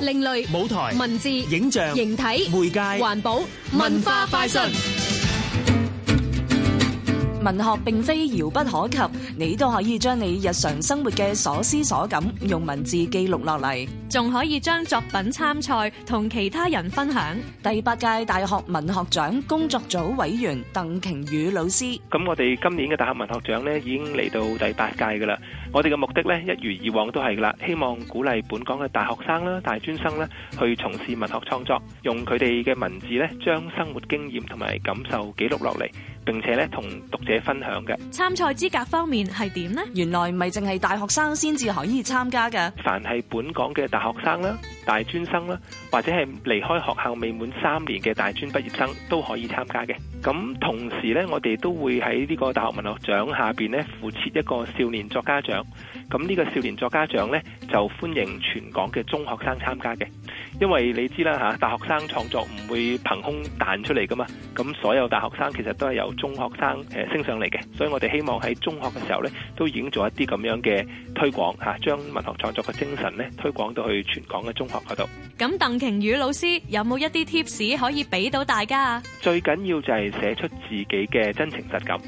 另類舞台、文字、影像、形體、媒介、環保、文化快訊。文學並非遙不可及，你都可以將你日常生活嘅所思所感用文字記錄落嚟，仲可以將作品參賽同其他人分享。第八屆大學文學獎工作組委員鄧瓊宇老師，咁我哋今年嘅大學文學獎咧已經嚟到第八屆噶啦，我哋嘅目的咧一如以往都係啦，希望鼓勵本港嘅大學生啦、大專生啦去從事文學創作，用佢哋嘅文字咧將生活經驗同埋感受記錄落嚟。並且咧，同讀者分享嘅參賽資格方面係點呢？原來唔係淨係大學生先至可以參加嘅。凡係本港嘅大學生啦、大專生啦，或者係離開學校未滿三年嘅大專畢業生都可以參加嘅。咁同時呢，我哋都會喺呢個大學文學獎下邊呢，附設一個少年作家獎。咁呢個少年作家獎呢，就歡迎全港嘅中學生參加嘅。因為你知啦吓，大學生創作唔會憑空彈出嚟噶嘛，咁所有大學生其實都係由中學生誒升上嚟嘅，所以我哋希望喺中學嘅時候呢，都已經做一啲咁樣嘅推廣吓，將文學創作嘅精神呢，推廣到去全港嘅中學嗰度。咁鄧瓊宇老師有冇一啲 tips 可以俾到大家啊？最緊要就係寫出自己嘅真情實感。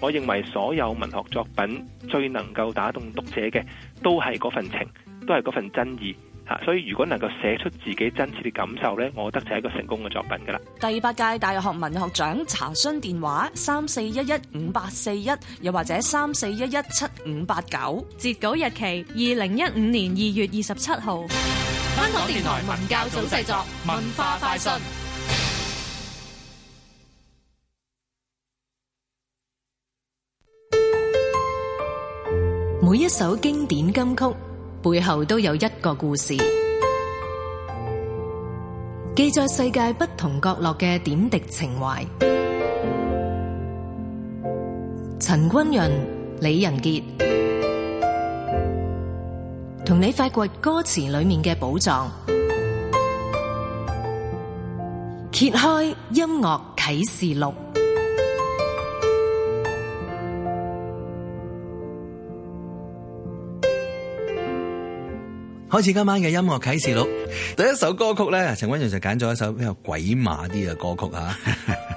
我認為所有文學作品最能夠打動讀者嘅，都係嗰份情，都係嗰份真意。吓，所以如果能夠寫出自己真切嘅感受咧，我覺得就係一個成功嘅作品噶啦。第八屆大學文學獎查詢電話：三四一一五八四一，又或者三四一一七五八九。截稿日期：二零一五年二月二十七號。香港 電台文教組製作， 文化快訊。每一首經典金曲，背後都有一個故事，記載世界不同角落嘅點滴情懷。陳君潤、李仁杰同你發掘歌詞裏面嘅寶藏，揭開音樂啟示錄。開始今晚嘅音樂啟示錄，第一首歌曲咧，陳偉強就揀咗一首比較鬼馬啲嘅歌曲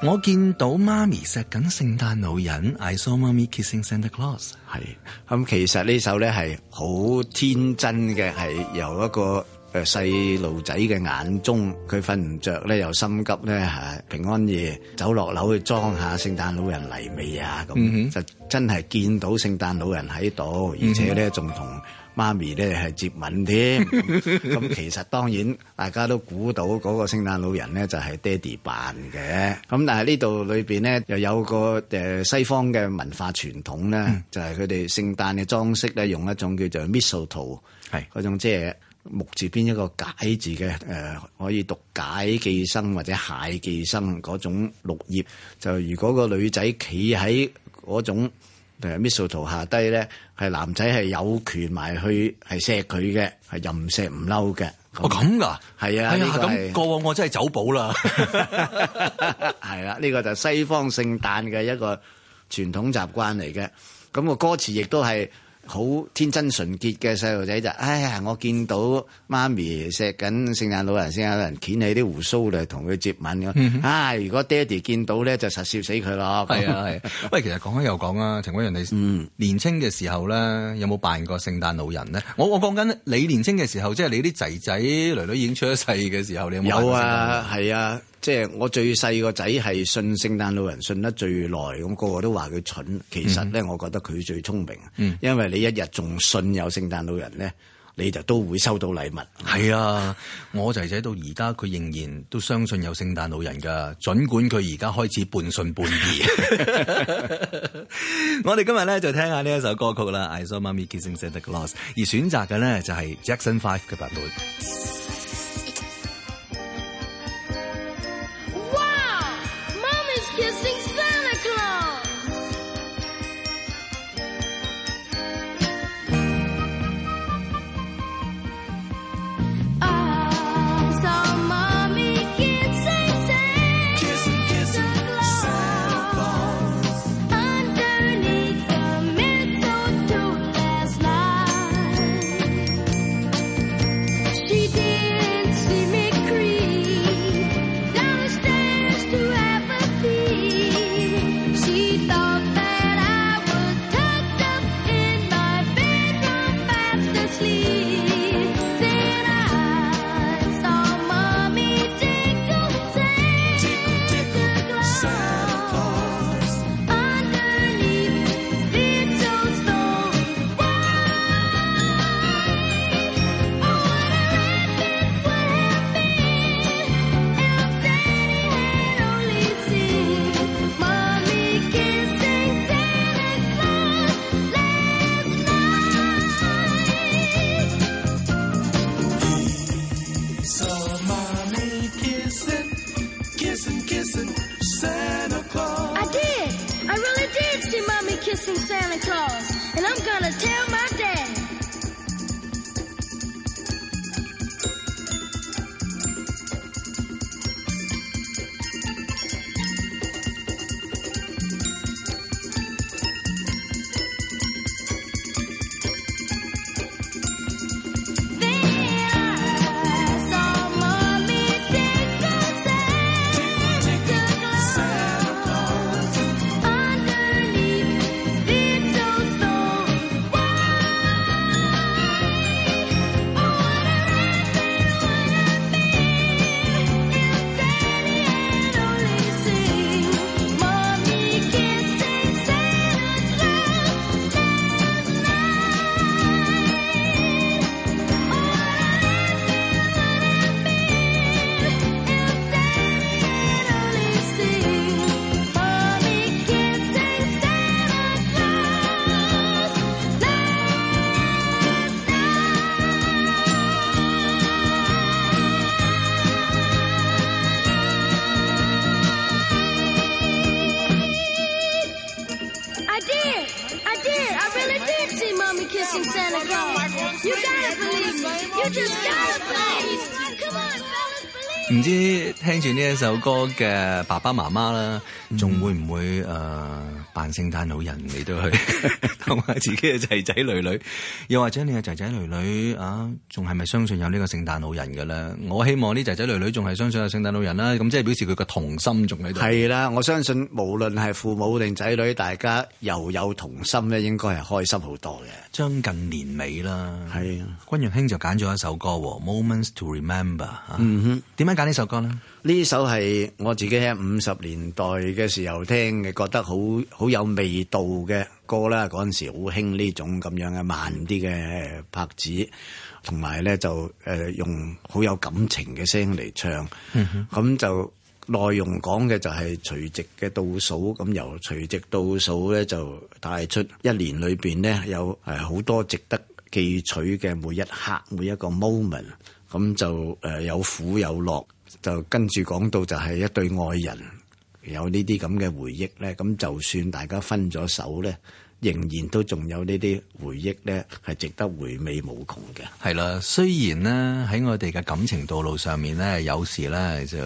我見到媽咪錫緊聖誕老人，I saw mommy kissing Santa Claus。係咁、嗯，其實呢首咧係好天真嘅，係由一個。誒細路仔嘅眼中，佢瞓唔着咧，又心急咧嚇。平安夜走落樓去裝下聖誕老人嚟未啊？咁、mm -hmm. 就真係見到聖誕老人喺度，而且咧仲同媽咪咧係接吻添。咁 其實當然大家都估到嗰個聖誕老人咧就係爹哋扮嘅。咁但係呢度裏邊咧又有個誒西方嘅文化傳統咧，mm -hmm. 就係佢哋聖誕嘅裝飾咧用一種叫做 mistletoe，嗰種即係。木字邊一個解字嘅，誒、呃，可以讀解寄生或者蟹寄生嗰種綠葉。就如果個女仔企喺嗰種誒 Mistletoe 下低咧，係男仔係有權埋去係錫佢嘅，係任錫唔嬲嘅。哦，咁噶？係啊，呢、啊哎這個咁過往我真係走寶啦、 啊。係啦，呢個就係西方聖誕嘅一個傳統習慣嚟嘅。咁、個歌詞亦都係。好天真純潔嘅細路仔就是，哎呀！我見到媽咪錫緊聖誕老人先，有人掀起啲鬍鬚嚟同佢接吻咁、嗯啊。如果爹哋見到咧，就實、啊啊、笑死佢咯。啊喂，其實講開又講啊，陳偉強，你年輕嘅時候咧，有冇扮過聖誕老人咧、嗯？我我講緊你年輕嘅時候，即、就、係、是、你啲仔仔女女已經出咗世嘅時候，你有冇？有啊，係啊。即係我最細個仔係信聖誕老人信得最耐，咁個個都話佢蠢，其實咧我覺得佢最聰明，mm -hmm. 因為你一日仲信有聖誕老人咧，你就都會收到禮物。係、嗯、啊，我仔仔到而家佢仍然都相信有聖誕老人噶，盡管佢而家開始半信半疑。 我哋今日咧就聽下呢一首歌曲啦，I Saw Mommy Kissing Santa Claus，而選擇嘅咧就係 Jackson Five 嘅版本。這首歌嘅爸爸媽媽啦，仲會唔會誒扮聖誕老人？你都去同埋自己嘅仔仔女女，又或者你嘅仔仔女女啊，仲係咪相信有呢個聖誕老人嘅咧？我希望呢仔仔女女仲係相信有聖誕老人啦，咁即係表示佢嘅童心仲喺度。係啦，我相信無論係父母定仔女，大家又有童心咧，應該係開心好多嘅。將近年尾啦，係啊，君若卿就揀咗一首歌《Moments to Remember》啊。嗯哼，點樣揀呢首歌咧？呢首。都係我自己喺五十年代嘅時候聽嘅，覺得好好有味道嘅歌啦。陣時好興呢種咁樣嘅慢啲嘅拍子，同埋咧就誒用好有感情嘅聲嚟唱。咁、嗯、就內容講嘅就係除夕嘅倒數，咁由除夕倒數咧就帶出一年裏邊咧有誒好多值得記取嘅每一刻，每一個 moment。咁就誒有苦有樂。就跟住講到就係一對愛人有呢啲咁嘅回憶咧，咁就算大家分咗手咧。仍然都仲有呢啲回憶咧，係值得回味無窮嘅。係啦，雖然咧喺我哋嘅感情道路上面咧，有時咧就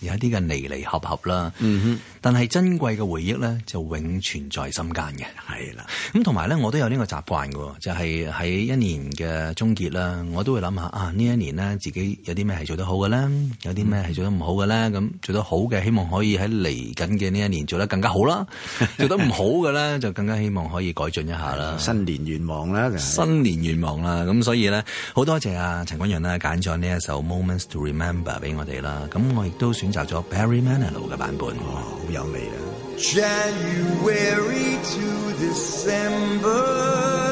有一啲嘅離離合合啦。嗯哼，但係珍貴嘅回憶咧就永存在心間嘅。係啦，咁同埋咧，我都有呢個習慣嘅，就係、係、喺一年嘅終結啦，我都會諗下啊，呢一年咧自己有啲咩係做得好嘅咧，有啲咩係做得唔好嘅咧，咁、嗯、做得好嘅希望可以喺嚟緊嘅呢一年做得更加好啦， 做得唔好嘅咧就更加希望。 可以改進一下啦，新年願望啦，新年願望啦，咁、嗯、所以咧好多謝啊陳君陽啦，揀咗呢一首 Moments to Remember 俾我哋啦，咁我亦都選擇咗 Barry Manilow 嘅版本，哇、哦，好有味啊。January to December。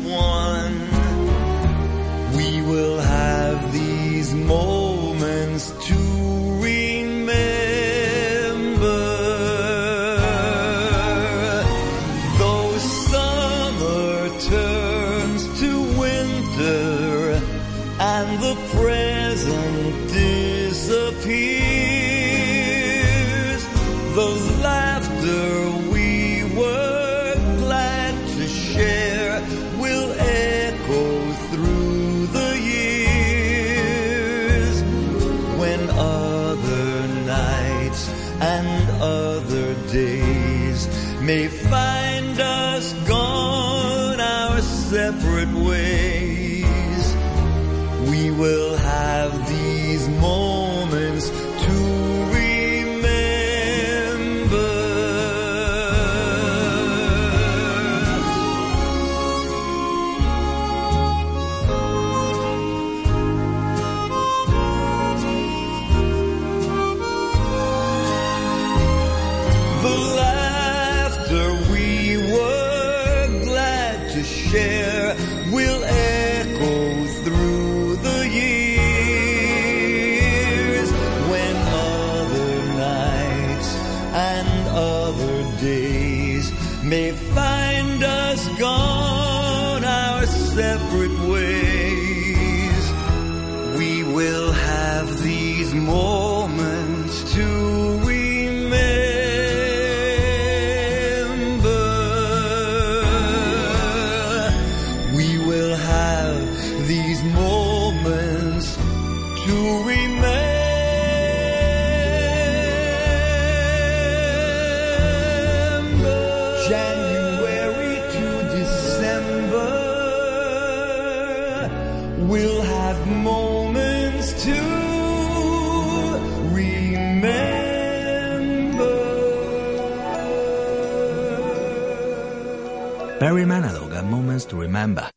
to remember.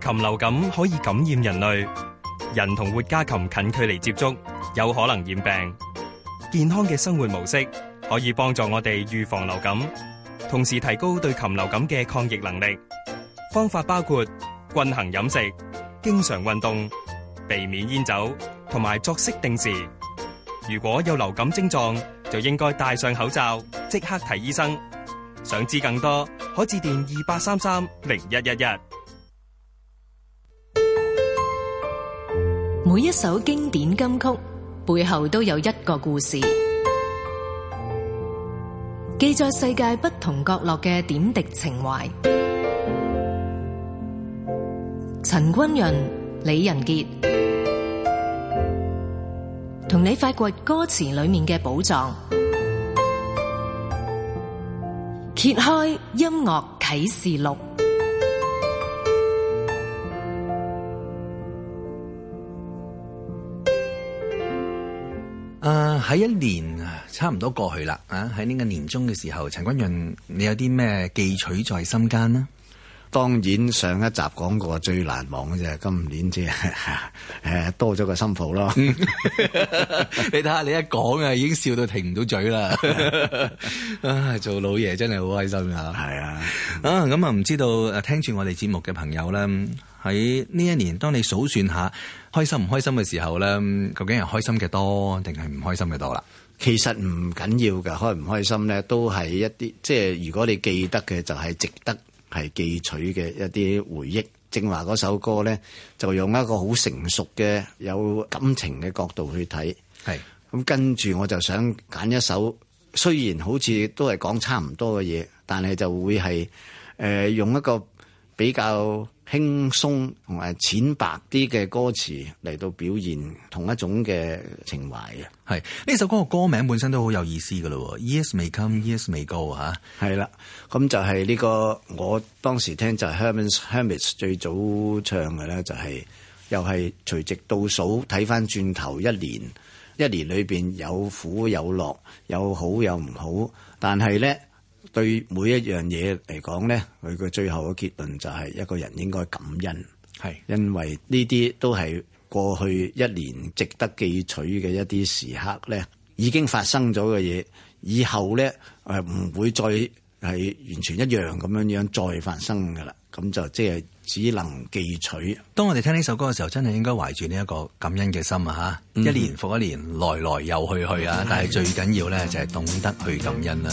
禽流感可以感染人類，人同活家禽近距離接觸有可能染病。健康嘅生活模式可以幫助我哋預防流感，同時提高對禽流感嘅抗疫能力。方法包括均衡飲食、經常運動、避免煙酒同埋作息定時。如果有流感症狀，就應該戴上口罩，即刻睇醫生。想知更多，可致電二八三三零一一一。每一首經典金曲，背後都有一個故事，記載世界不同角落嘅點滴情懷。陳君潤、李仁傑，同你發掘歌詞裏面嘅寶藏。揭開音樂啟示錄。啊，喺一年差唔多過去啦，啊，喺呢個年終嘅時候，陳君潤，你有啲咩記取在心間呢？當然上一集講過最難忘嘅就係，今年，即係，誒多咗個心抱咯。 你睇下你一講呀已經笑到停唔到嘴啦。 做老爺真係好開心㗎，啊。係啊，啊咁啊唔知道聽住我哋節目嘅朋友咧，喺呢一年當你數算下開心唔開心嘅時候咧，究竟係開心嘅多定係唔開心嘅多啦？其實唔緊要㗎，開唔開心咧都係一啲，即係如果你記得嘅就係值得。係記取嘅一啲回憶，正話嗰首歌咧，就用一個好成熟嘅有感情嘅角度去睇。係。咁跟住我就想揀一首，雖然好似都係講差唔多嘅嘢，但係就會係、呃、用一個比較輕鬆同埋淺白啲嘅歌詞嚟到表現同一種嘅情懷啊！係呢首歌個歌名本身都好有意思噶咯喎，Years may come, years may go 吓，係啦，咁就係呢個我當時聽就 Herman's Hermits 最早唱嘅咧，就係又係隨直倒數睇翻轉頭一年，一年裏面有苦有樂，有好有唔好，但係咧。對每一樣嘢嚟講咧，佢嘅最後嘅結論就係一個人應該感恩。係，因為呢啲都係過去一年值得記取嘅一啲時刻咧，已經發生咗嘅嘢，以後咧誒唔會再係完全一樣咁樣樣再發生噶啦。咁就即係只能記取。當我哋聽呢首歌嘅時候，真係應該懷住呢一個感恩嘅心啊！吓、嗯，一年復一年，來來又去去啊，但係最緊要咧就係懂得去感恩啦。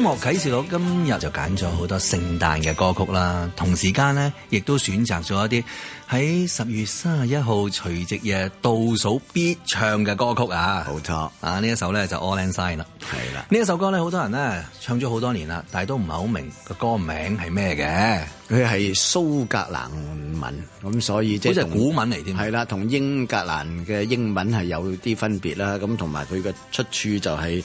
音樂啟示錄今日就揀咗好多聖誕嘅歌曲啦，同時間咧亦都選擇咗一啲喺十月三十一號除夕夜倒數必唱嘅歌曲啊！冇錯啊！呢一首咧就 Auld Lang Syne 啦，係啦，呢一首歌咧好多人咧唱咗好多年啦，但係都唔係好明個歌名係咩嘅。佢係蘇格蘭文，咁所以即係古文嚟添，係啦，同英格蘭嘅英文係有啲分別啦。咁同埋佢嘅出處就係、是。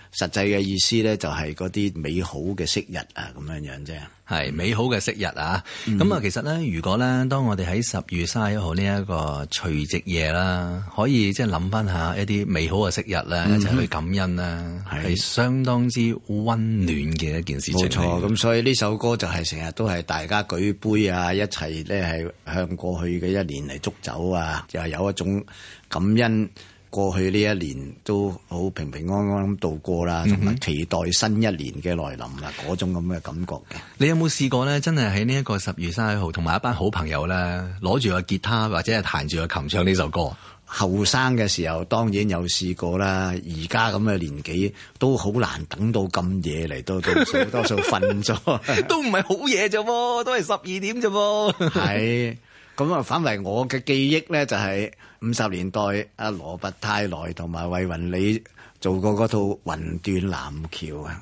實際嘅意思咧，就係嗰啲美好嘅昔日啊，咁樣樣啫。係美好嘅昔日啊，咁、嗯、啊，其實咧，如果咧，當我哋喺十月三十一號呢一個除夕夜啦，可以即係諗翻下一啲美好嘅昔日啦，一齊去感恩啦、啊，係、嗯、相當之温暖嘅一件事情、嗯。冇錯，咁所以呢首歌就係成日都係大家舉杯啊，一齊咧係向過去嘅一年嚟祝酒啊，又係有一種感恩。過去呢一年都好平平安安咁度過啦，同埋期待新一年嘅來臨啦，嗰種咁嘅感覺嘅。你有冇試過咧？真係喺呢一個十二月三十一號，同埋一班好朋友咧，攞住個吉他或者係彈住個琴唱呢首歌。後生嘅時候當然有試過啦，而家咁嘅年紀都好難等到咁夜嚟到，都多數瞓咗 睡， 都唔係好夜啫喎，都係十二點啫喎。係。咁啊，反而我嘅記憶咧，就係五十年代阿羅拔泰萊同埋慧雲李做過嗰套《魂斷藍橋》啊，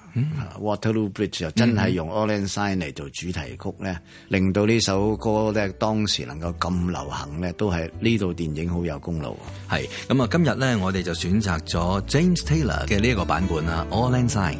《Waterloo Bridge》就真係用《Auld Lang Syne》嚟做主題曲咧，令到呢首歌咧當時能夠咁流行咧，都係呢套電影好有功勞。係咁啊，今日咧我哋就選擇咗 James Taylor 嘅呢一個版本啦，《Auld Lang Syne》。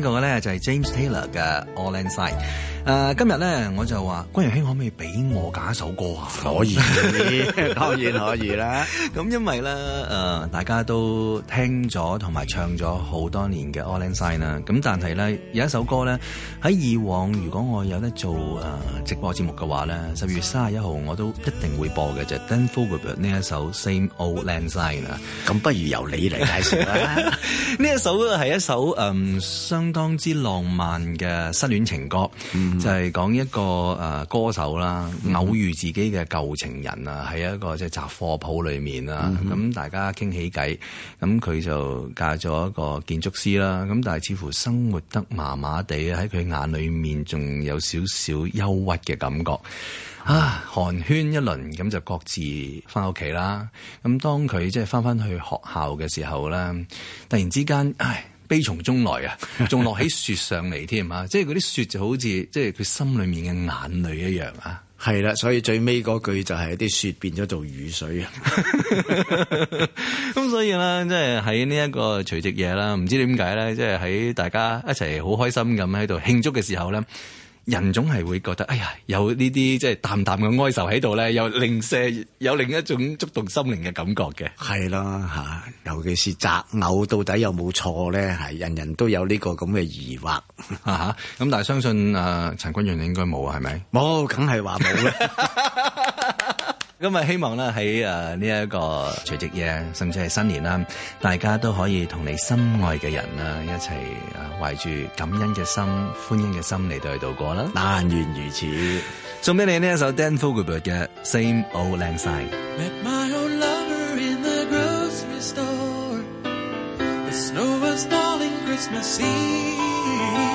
個咧就係 James Taylor 嘅 Auld Lang Syne。誒、呃，今日咧我就話，關榮興可唔可以俾我揀一首歌啊？可以，可 然可以啦。咁 因為咧，誒、呃，大家都聽咗同埋唱咗好多年嘅 Auld Lang Syne 啦。咁但係咧，有一首歌咧喺以往，如果我有得做誒、呃、直播節目嘅話咧，十二月三十一號我都一定會播嘅就 Dan Fogelberg 呢一首 Same Old Lang Syne 啦。咁 不如由你嚟介紹啦。呢 一首係一首誒相、呃相當之浪漫嘅失戀情歌，嗯、就係、是、講一個誒、呃、歌手啦，偶遇自己嘅舊情人啊，喺、嗯、一個即係雜貨鋪裏面啊。咁、嗯、大家傾起偈，咁佢就嫁咗一個建築師啦，咁但係似乎生活得麻麻地，喺佢眼裏面仲有少少憂鬱嘅感覺、嗯。啊，寒暄一輪，咁就各自翻屋企啦。咁當佢即係翻翻去學校嘅時候咧，突然之間，唉。悲從中來啊，仲落起雪上嚟添啊。即係嗰啲雪就好似即係佢心裏面嘅眼淚一樣啊。係 啦，所以最尾嗰句就係、是、啲雪變咗做雨水啊。咁 所以咧，即係喺呢一個除夕夜啦，唔知點解咧，即係喺大家一齊好開心咁喺度慶祝嘅時候咧。人總係會覺得，哎呀，有呢啲即係淡淡嘅哀愁喺度咧，有另舍有另一種觸動心靈嘅感覺嘅。係囉，尤其是擇偶到底有冇錯咧？係人人都有呢個咁嘅疑惑，咁、啊、但係相信、呃、陳君揚應該冇啊，係咪？冇、哦，梗係話冇啦。 今日希望咧，喺誒呢一個除夕夜，甚至係新年啦，大家都可以同你心愛嘅人啦一齊啊懷住感恩嘅心、歡欣嘅心嚟到去度過啦。但願如此。送俾你呢一首 Dan Fogelberg 嘅 Same Old Lang Syne。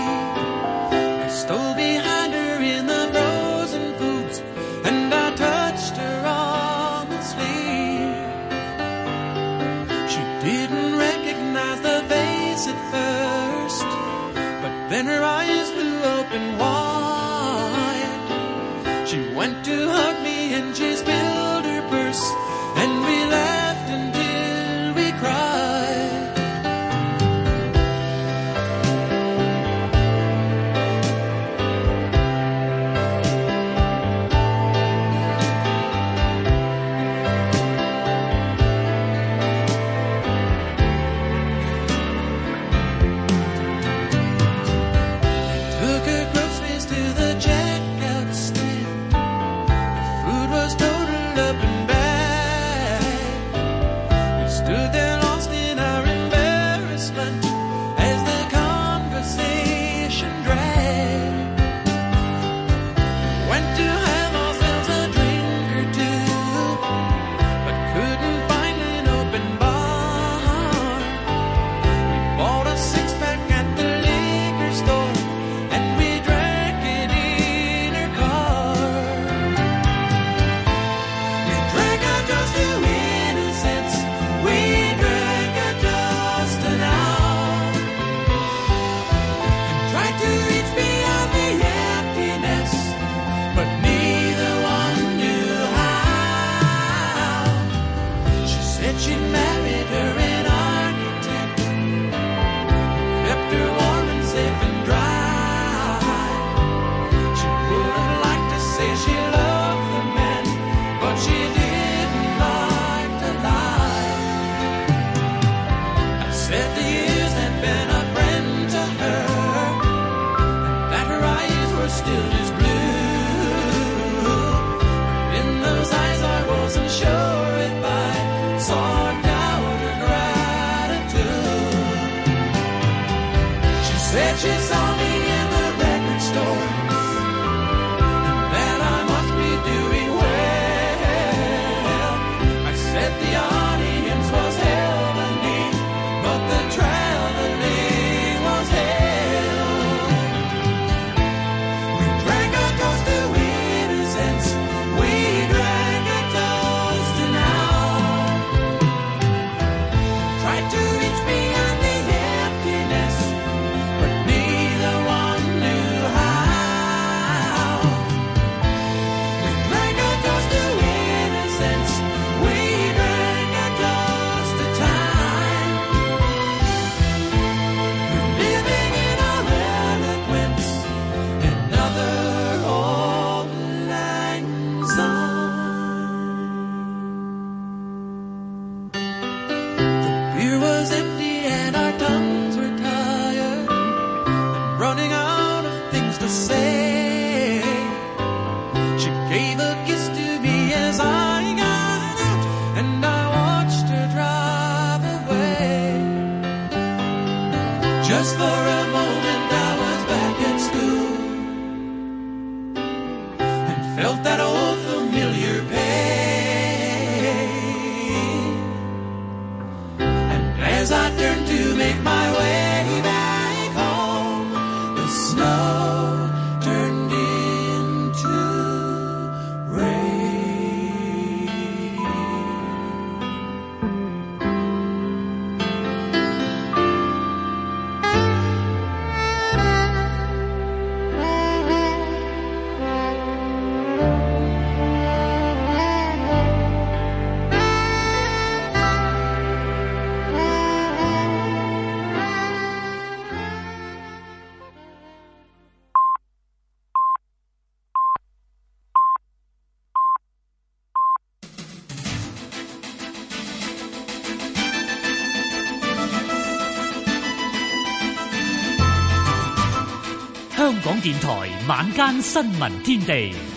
晚間新聞天地。